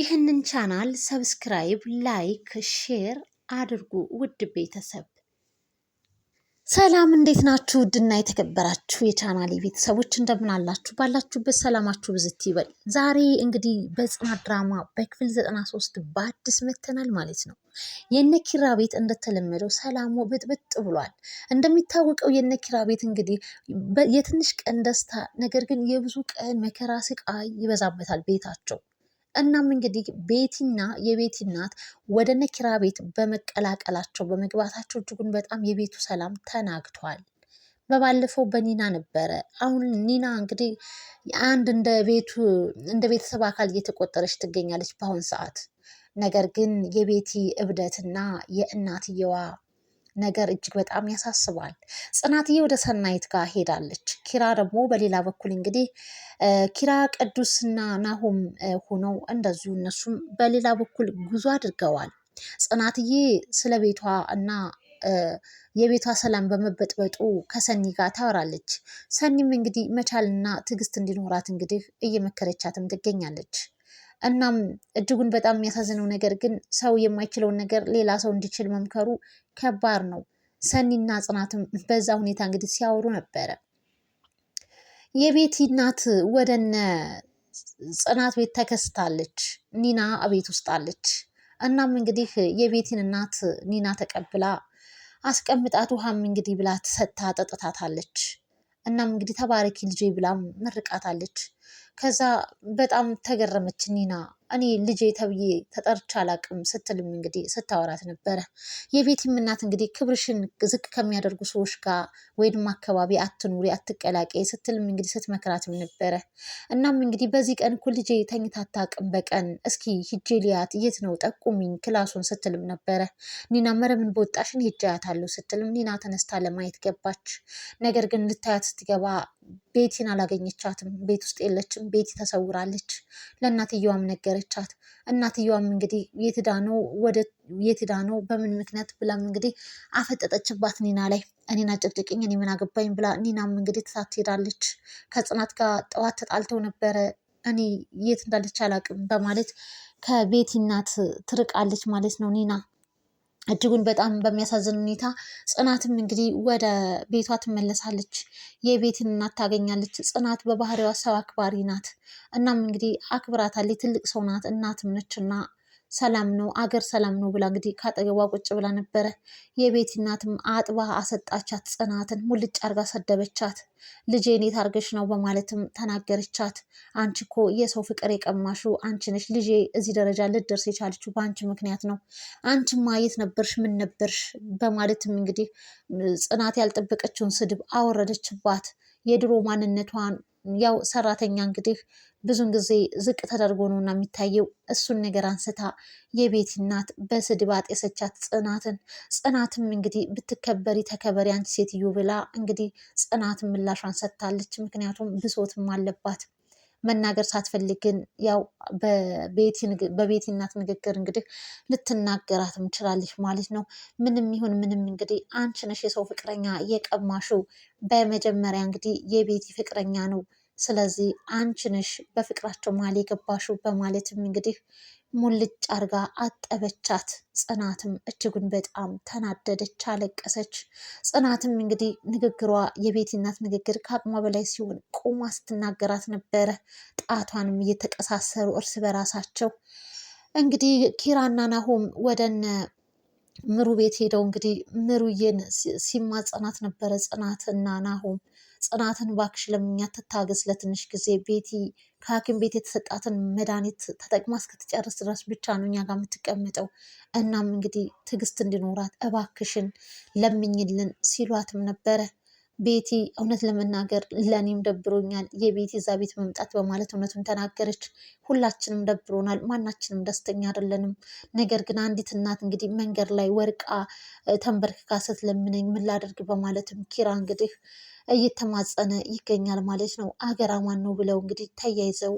ይህንን ቻናል ሰብስክራይብ፣ ላይክ፣ ሼር አድርጉ ውድ ቤተሰብ። ሰላም እንዴት ናችሁ? ውድና የተከበራችሁ የቻናል ቤተሰቦች እንደምን አላችሁ? ባላችሁበት ሰላማችሁ ብዝት ይበል። ዛሬ እንግዲህ በጽናት ድራማ በክፍል 93 በአዲስ መተናል ማለት ነው። የነኪራ ቤት እንደተለመደው ሰላሙ ብጥብጥ ብሏል። እንደሚታወቀው የነኪራ ቤት እንግዲህ የትንሽ ቀን ደስታ፣ ነገር ግን የብዙ ቀን መከራ ስቃይ ይበዛበታል ቤታቸው እናም እንግዲህ ቤቲና የቤቲ እናት ወደ ነኪራ ቤት በመቀላቀላቸው በመግባታቸው እጅጉን በጣም የቤቱ ሰላም ተናግቷል። በባለፈው በኒና ነበረ። አሁን ኒና እንግዲህ አንድ እንደ ቤቱ እንደ ቤተሰብ አካል እየተቆጠረች ትገኛለች በአሁን ሰዓት። ነገር ግን የቤቲ እብደትና የእናትየዋ ነገር እጅግ በጣም ያሳስባል። ጽናትዬ ወደ ሰናይት ጋር ሄዳለች። ኪራ ደግሞ በሌላ በኩል እንግዲህ ኪራ ቅዱስና ናሆም ሆነው እንደዚሁ እነሱም በሌላ በኩል ጉዞ አድርገዋል። ጽናትዬ ስለ ቤቷ እና የቤቷ ሰላም በመበጥበጡ ከሰኒ ጋር ታወራለች። ሰኒም እንግዲህ መቻልና ትዕግስት እንዲኖራት እንግዲህ እየመከረቻትም ትገኛለች። እናም እጅጉን በጣም የሚያሳዝነው ነገር ግን ሰው የማይችለውን ነገር ሌላ ሰው እንዲችል መምከሩ ከባድ ነው። ሰኒና ጽናትም በዛ ሁኔታ እንግዲህ ሲያወሩ ነበረ። የቤቲ እናት ወደነ ጽናት ቤት ተከስታለች። ኒና ቤት ውስጥ አለች። እናም እንግዲህ የቤቲን እናት ኒና ተቀብላ አስቀምጣት ውሃም እንግዲህ ብላ ሰጥታ ጠጥታታለች። እናም እንግዲህ ተባረኪ ልጄ ብላም መርቃታለች። ከዛ በጣም ተገረመች ኒና። እኔ ልጄ ተብዬ ተጠርቼ አላቅም ስትልም እንግዲህ ስታወራት ነበረ። የቤቲም እናት እንግዲህ ክብርሽን ዝቅ ከሚያደርጉ ሰዎች ጋር ወይም አካባቢ አትኑሪ፣ አትቀላቀይ ስትልም እንግዲህ ስትመክራትም ነበረ። እናም እንግዲህ በዚህ ቀን እኮ ልጄ ተኝታ አታቅም በቀን እስኪ ሂጄ ሊያት የት ነው ጠቁሚኝ ክላሱን ስትልም ነበረ። ኒና መረምን በወጣሽን ሂጃያት አለው ስትልም ኒና ተነስታ ለማየት ገባች። ነገር ግን ልታያት ስትገባ ቤቲን አላገኘቻትም። ቤት ውስጥ የለችም። ቤቲ ተሰውራለች። ለእናትየዋም ነገረቻት። እናትየዋም እንግዲህ የትዳ ነው ወደ የትዳ ነው በምን ምክንያት ብላም እንግዲህ አፈጠጠችባት ኒና ላይ። እኔን አጨቅጭቅኝ እኔ ምን አገባኝ ብላ ኒናም እንግዲህ ትታት ትሄዳለች። ከጽናት ጋር ጠዋት ተጣልተው ነበረ እኔ የት እንዳለች አላውቅም በማለት ከቤቲ እናት ትርቃለች ማለት ነው ኒና። እጅጉን በጣም በሚያሳዝን ሁኔታ ጽናትም እንግዲህ ወደ ቤቷ ትመለሳለች። የቤትን እናት ታገኛለች። ጽናት በባህሪዋ ሰው አክባሪ ናት። እናም እንግዲህ አክብራታለች። ትልቅ ሰው ናት። እናትም ነች እና ሰላም ነው አገር ሰላም ነው ብላ እንግዲህ ካጠገቧ ቁጭ ብላ ነበረ። የቤቲ እናትም አጥባ አሰጣቻት። ጽናትን ሙልጭ አርጋ ሰደበቻት። ልጄ እኔት ነው በማለትም ተናገረቻት። አንቺ እኮ የሰው ፍቅር የቀማሹ አንቺ ነሽ። ልጄ እዚህ ደረጃ ልትደርስ የቻለችው በአንቺ ምክንያት ነው። አንቺማ የት ነበርሽ? ምን ነበርሽ? በማለትም እንግዲህ ጽናት ያልጠበቀችውን ስድብ አወረደችባት። የድሮ ማንነቷን ያው ሰራተኛ እንግዲህ ብዙን ጊዜ ዝቅ ተደርጎ ነው እና የሚታየው። እሱን ነገር አንስታ የቤቲ እናት በስድብ አጤሰቻት ጽናትን። ጽናትም እንግዲህ ብትከበሪ ተከበሪ አንቺ ሴትዮ ብላ እንግዲህ ጽናት ምላሿን ሰጥታለች። ምክንያቱም ብሶትም አለባት መናገር ሳትፈልግን ያው በቤቲ እናት ንግግር እንግዲህ ልትናገራትም ችላለች ማለት ነው። ምንም ይሁን ምንም እንግዲህ አንቺ ነሽ የሰው ፍቅረኛ የቀማሹ። በመጀመሪያ እንግዲህ የቤቲ ፍቅረኛ ነው ስለዚህ አንቺ ነሽ በፍቅራቸው መሀል የገባሹ በማለትም እንግዲህ ሙልጭ አርጋ አጠበቻት። ጽናትም እጅጉን በጣም ተናደደች፣ አለቀሰች። ጽናትም እንግዲህ ንግግሯ የቤቲ እናት ንግግር ከአቅሟ በላይ ሲሆን ቁማ ስትናገራት ነበረ። ጣቷንም እየተቀሳሰሩ እርስ በራሳቸው እንግዲህ ኪራና ናሆም ወደነ ምሩ ቤት ሄደው እንግዲህ ምሩዬን ሲማጸናት ነበረ ጽናትና ናሆም ጽናትን ባክሽ ለምኛ ትታገስ ለትንሽ ጊዜ ቤቲ ከሐኪም ቤት የተሰጣትን መድኃኒት ተጠቅማ እስክትጨርስ ድረስ ብቻ ነው እኛ ጋር የምትቀመጠው። እናም እንግዲህ ትዕግስት እንዲኖራት እባክሽን ለምኝልን ሲሏትም ነበረ። ቤቲ እውነት ለመናገር ለእኔም ደብሮኛል የቤቲ እዛ ቤት መምጣት በማለት እውነቱን ተናገረች። ሁላችንም ደብሮናል፣ ማናችንም ደስተኛ አይደለንም። ነገር ግን አንዲት እናት እንግዲህ መንገድ ላይ ወርቃ ተንበርክካ ስትለምነኝ ምን ላደርግ በማለትም ኪራ እንግዲህ እየተማጸነ ይገኛል ማለት ነው። አገር አማን ነው ብለው እንግዲህ ተያይዘው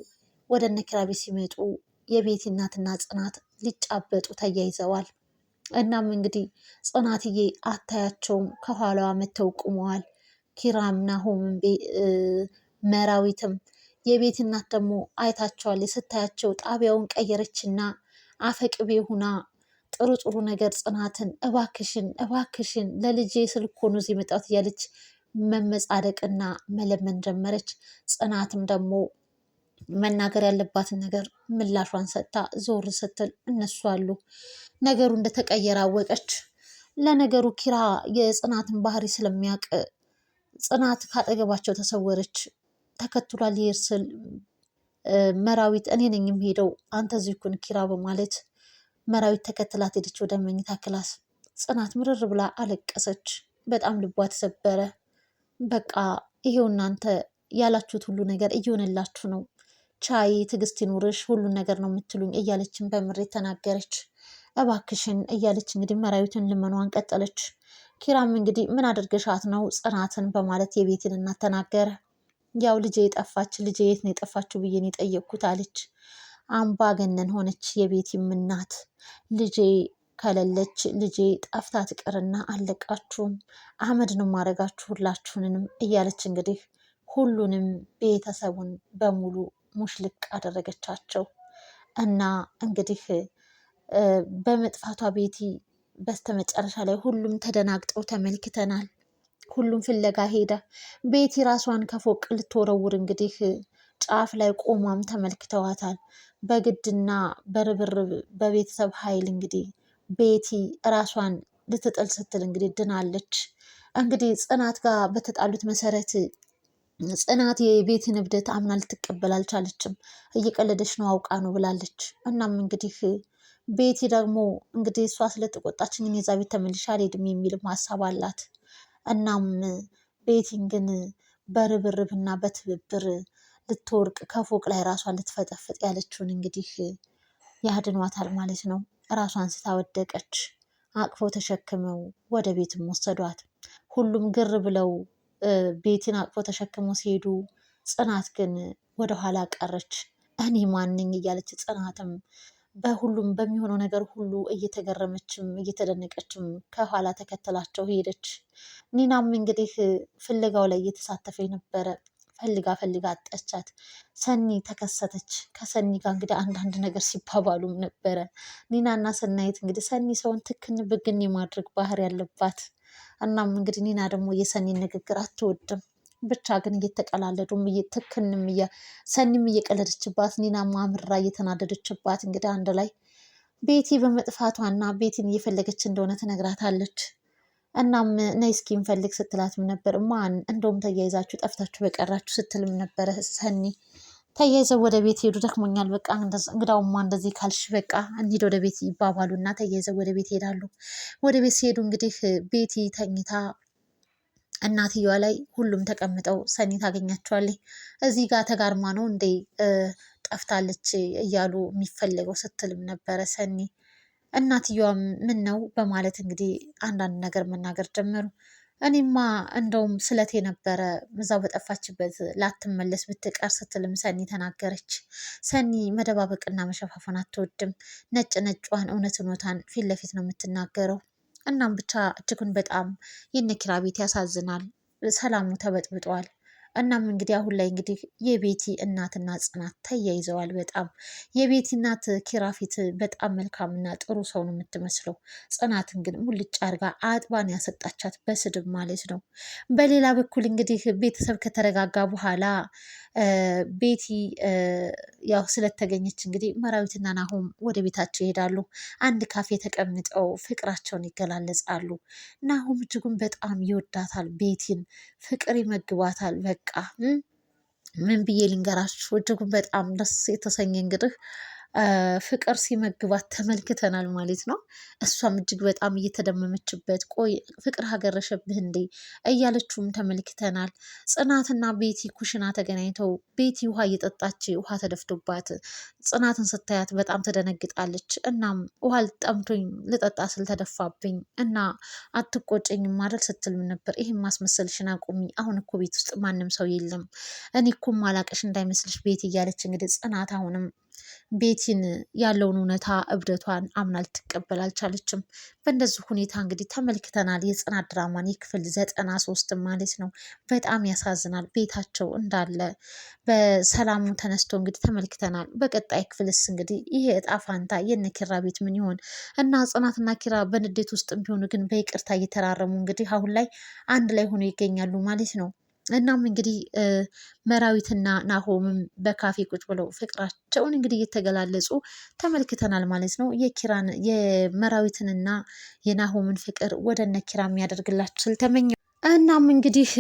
ወደ እነ ሲመጡ የቤቲ እናትና ጽናት ሊጫበጡ ተያይዘዋል። እናም እንግዲህ ጽናትዬ አታያቸውም፣ ከኋላዋ መተው ቁመዋል። ኪራም ናሆምም መራዊትም የቤት እናት ደግሞ አይታቸዋል። ስታያቸው ጣቢያውን ቀየረችና አፈቅቤ ሁና ጥሩ ጥሩ ነገር ጽናትን እባክሽን እባክሽን ለልጄ ስልኮኑ እዚህ መጣት እያለች መመጻደቅና መለመን ጀመረች። ጽናትም ደግሞ መናገር ያለባትን ነገር ምላሿን ሰጥታ ዞር ስትል እነሱ አሉ። ነገሩ እንደተቀየረ አወቀች። ለነገሩ ኪራ የጽናትን ባህሪ ስለሚያውቅ ጽናት ካጠገባቸው ተሰወረች። ተከትሏ ሊሄድ ስል መራዊት እኔ ነኝ የምሄደው አንተ እዚህ ኩን ኪራ በማለት መራዊት ተከትላት ሄደች ወደ መኝታ ክላስ። ጽናት ምርር ብላ አለቀሰች። በጣም ልቧ ተሰበረ። በቃ ይሄው እናንተ ያላችሁት ሁሉ ነገር እየሆነላችሁ ነው፣ ቻይ ትዕግስት ይኑርሽ፣ ሁሉን ነገር ነው የምትሉኝ እያለችን በምሬት ተናገረች። እባክሽን እያለች እንግዲህ መራዊትን ልመኗን ቀጠለች። ኪራም እንግዲህ ምን አድርገሻት ነው ጽናትን በማለት የቤትን እናት ተናገረ። ያው ልጄ የጠፋች ልጄ የት ነው የጠፋችው ብዬ ነው የጠየቅኩት አለች። አምባገነን ሆነች የቤቲም እናት ልጄ ከሌለች ልጄ ጠፍታ ትቀርና አለቃችሁም አመድ ነው ማድረጋችሁ ሁላችሁንንም እያለች እንግዲህ ሁሉንም ቤተሰቡን በሙሉ ሙሽልቅ አደረገቻቸው እና እንግዲህ በመጥፋቷ ቤቲ በስተመጨረሻ ላይ ሁሉም ተደናግጠው ተመልክተናል። ሁሉም ፍለጋ ሄደ። ቤቲ ራሷን ከፎቅ ልትወረውር እንግዲህ ጫፍ ላይ ቆሟም ተመልክተዋታል። በግድና በርብርብ በቤተሰብ ኃይል እንግዲህ ቤቲ ራሷን ልትጥል ስትል እንግዲህ ድናለች። እንግዲህ ጽናት ጋር በተጣሉት መሰረት ጽናት የቤትን እብደት አምና ልትቀበል አልቻለችም። እየቀለደች ነው አውቃ ነው ብላለች። እናም እንግዲህ ቤቲ ደግሞ እንግዲህ እሷ ስለተቆጣችኝ እኔ እዛ ቤት ተመልሼ አልሄድም የሚልም ሀሳብ አላት። እናም ቤቲን ግን በርብርብና በትብብር ልትወርቅ ከፎቅ ላይ ራሷን ልትፈጠፍጥ ያለችውን እንግዲህ ያድኗታል ማለት ነው። ራሷን ስታወደቀች አቅፈው ተሸክመው ወደ ቤትም ወሰዷት። ሁሉም ግር ብለው ቤቲን አቅፈው ተሸክመው ሲሄዱ ጽናት ግን ወደኋላ ቀረች። እኔ ማንኝ እያለች ጽናትም በሁሉም በሚሆነው ነገር ሁሉ እየተገረመችም እየተደነቀችም ከኋላ ተከተላቸው ሄደች። ኒናም እንግዲህ ፍለጋው ላይ እየተሳተፈ ነበረ። ፈልጋ ፈልጋ አጣቻት። ሰኒ ተከሰተች። ከሰኒ ጋር እንግዲህ አንዳንድ ነገር ሲባባሉም ነበረ ኒናና ሰናይት። እንግዲህ ሰኒ ሰውን ትክን ብግን የማድረግ ባህሪ ያለባት እናም እንግዲህ ኒና ደግሞ የሰኒን ንግግር አትወድም። ብቻ ግን እየተቀላለዱም ትክንም ሰኒም እየቀለደችባት፣ ኒና ማምራ እየተናደደችባት እንግዲህ አንድ ላይ ቤቲ በመጥፋቷና ቤቲን እየፈለገች እንደሆነ ትነግራታለች። እናም ነይ እስኪ እንፈልግ ስትላትም ነበር። ማን እንደውም ተያይዛችሁ ጠፍታችሁ በቀራችሁ ስትልም ነበረ ሰኒ። ተያይዘው ወደ ቤት ሄዱ። ደክሞኛል፣ በቃ እንግዳውማ እንደዚህ ካልሽ በቃ እንሂድ ወደ ቤት ይባባሉ እና ተያይዘው ወደ ቤት ይሄዳሉ። ወደ ቤት ሲሄዱ እንግዲህ ቤቲ ተኝታ እናትየዋ ላይ ሁሉም ተቀምጠው ሰኒ ታገኛቸዋለች። እዚህ ጋር ተጋርማ ነው እንዴ ጠፍታለች እያሉ የሚፈለገው ስትልም ነበረ ሰኒ እናትየዋም ምን ነው በማለት እንግዲህ አንዳንድ ነገር መናገር ጀመሩ። እኔማ እንደውም ስለቴ ነበረ እዛው በጠፋችበት ላትመለስ ብትቀር ስትልም ሰኒ ተናገረች። ሰኒ መደባበቅና መሸፋፈን አትወድም። ነጭ ነጯን እውነት ኖታን ፊት ለፊት ነው የምትናገረው። እናም ብቻ እጅጉን በጣም የነኪራ ቤት ያሳዝናል። ሰላሙ ተበጥብጧል። እናም እንግዲህ አሁን ላይ እንግዲህ የቤቲ እናትና ጽናት ተያይዘዋል። በጣም የቤቲ እናት ኪራፊት በጣም መልካምና ጥሩ ሰው ነው የምትመስለው። ጽናትን ግን ሙልጭ አድርጋ አጥባን ያሰጣቻት በስድብ ማለት ነው። በሌላ በኩል እንግዲህ ቤተሰብ ከተረጋጋ በኋላ ቤቲ ያው ስለተገኘች እንግዲህ መራዊትና ናሆም ወደ ቤታቸው ይሄዳሉ። አንድ ካፌ ተቀምጠው ፍቅራቸውን ይገላለጻሉ። ናሆም እጅጉን በጣም ይወዳታል ቤቲን፣ ፍቅር ይመግባታል። በቃ ምን ብዬ ልንገራችሁ እጅጉን በጣም ደስ የተሰኘ እንግዲህ ፍቅር ሲመግባት ተመልክተናል ማለት ነው። እሷም እጅግ በጣም እየተደመመችበት ቆይ ፍቅር ሀገረሸብህ እንዴ እያለችውም ተመልክተናል። ጽናትና ቤቲ ኩሽና ተገናኝተው ቤቲ ውሃ እየጠጣች ውሃ ተደፍቶባት ጽናትን ስታያት በጣም ተደነግጣለች እናም ውሃ ልጠምቶኝ ልጠጣ ስል ተደፋብኝ እና አትቆጨኝ ማደል ስትልም ነበር። ይህም ማስመሰልሽን አቁሚ፣ አሁን እኮ ቤት ውስጥ ማንም ሰው የለም፣ እኔ እኮ ማላቀሽ እንዳይመስልሽ ቤቲ እያለች እንግዲህ ጽናት አሁንም ቤቲን ያለውን እውነታ እብደቷን አምና ልትቀበል አልቻለችም። በእንደዚህ ሁኔታ እንግዲህ ተመልክተናል የጽናት ድራማን የክፍል ዘጠና ሶስት ማለት ነው። በጣም ያሳዝናል። ቤታቸው እንዳለ በሰላሙ ተነስቶ እንግዲህ ተመልክተናል። በቀጣይ ክፍልስ እንግዲህ ይህ እጣ ፋንታ የነ ኪራ ቤት ምን ይሆን እና ጽናትና ኪራ በንዴት ውስጥ ቢሆኑ ግን በይቅርታ እየተራረሙ እንግዲህ አሁን ላይ አንድ ላይ ሆኖ ይገኛሉ ማለት ነው። እናም እንግዲህ መራዊትና ናሆምም በካፌ ቁጭ ብለው ፍቅራቸውን እንግዲህ እየተገላለጹ ተመልክተናል ማለት ነው። የኪራን የመራዊትንና የናሆምን ፍቅር ወደ እነ ኪራ የሚያደርግላችሁ ስል እናም እንግዲህ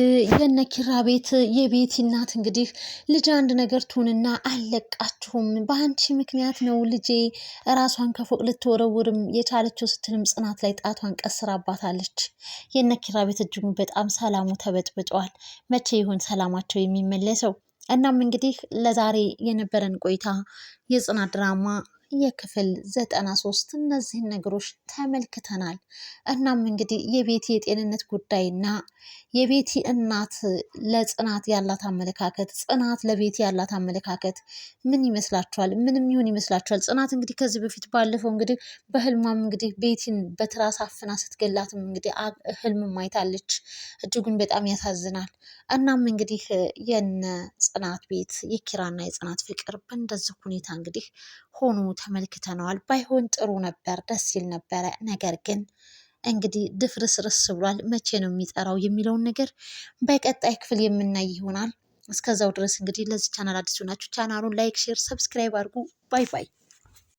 የነ ኪራ ቤት የቤቲ እናት እንግዲህ ልጅ አንድ ነገር ትሁንና አልለቃችሁም፣ በአንቺ ምክንያት ነው ልጄ ራሷን ከፎቅ ልትወረውርም የቻለችው ስትልም ጽናት ላይ ጣቷን ቀስራባታለች። የነ ኪራ ቤት እጅጉ በጣም ሰላሙ ተበጥብጠዋል። መቼ ይሆን ሰላማቸው የሚመለሰው? እናም እንግዲህ ለዛሬ የነበረን ቆይታ የጽናት ድራማ የክፍል ዘጠና ሶስት እነዚህን ነገሮች ተመልክተናል። እናም እንግዲህ የቤቲ የጤንነት ጉዳይና የቤቲ እናት ለጽናት ያላት አመለካከት፣ ጽናት ለቤቲ ያላት አመለካከት ምን ይመስላችኋል? ምንም ይሁን ይመስላችኋል? ጽናት እንግዲህ ከዚህ በፊት ባለፈው እንግዲህ በህልሟም እንግዲህ ቤቲን በትራስ አፍና ስትገላትም እንግዲህ ህልም ማይታለች። እጅጉን በጣም ያሳዝናል። እናም እንግዲህ የነ ጽናት ቤት የኪራና የጽናት ፍቅር በእንደዚህ ሁኔታ እንግዲህ ሆኖ ተመልክተነዋል። ባይሆን ጥሩ ነበር፣ ደስ ይል ነበረ። ነገር ግን እንግዲህ ድፍርስርስ ብሏል። መቼ ነው የሚጠራው የሚለውን ነገር በቀጣይ ክፍል የምናይ ይሆናል። እስከዛው ድረስ እንግዲህ ለዚህ ቻናል አዲስ ሆናችሁ ቻናሉን ላይክ፣ ሼር፣ ሰብስክራይብ አድርጉ። ባይ ባይ።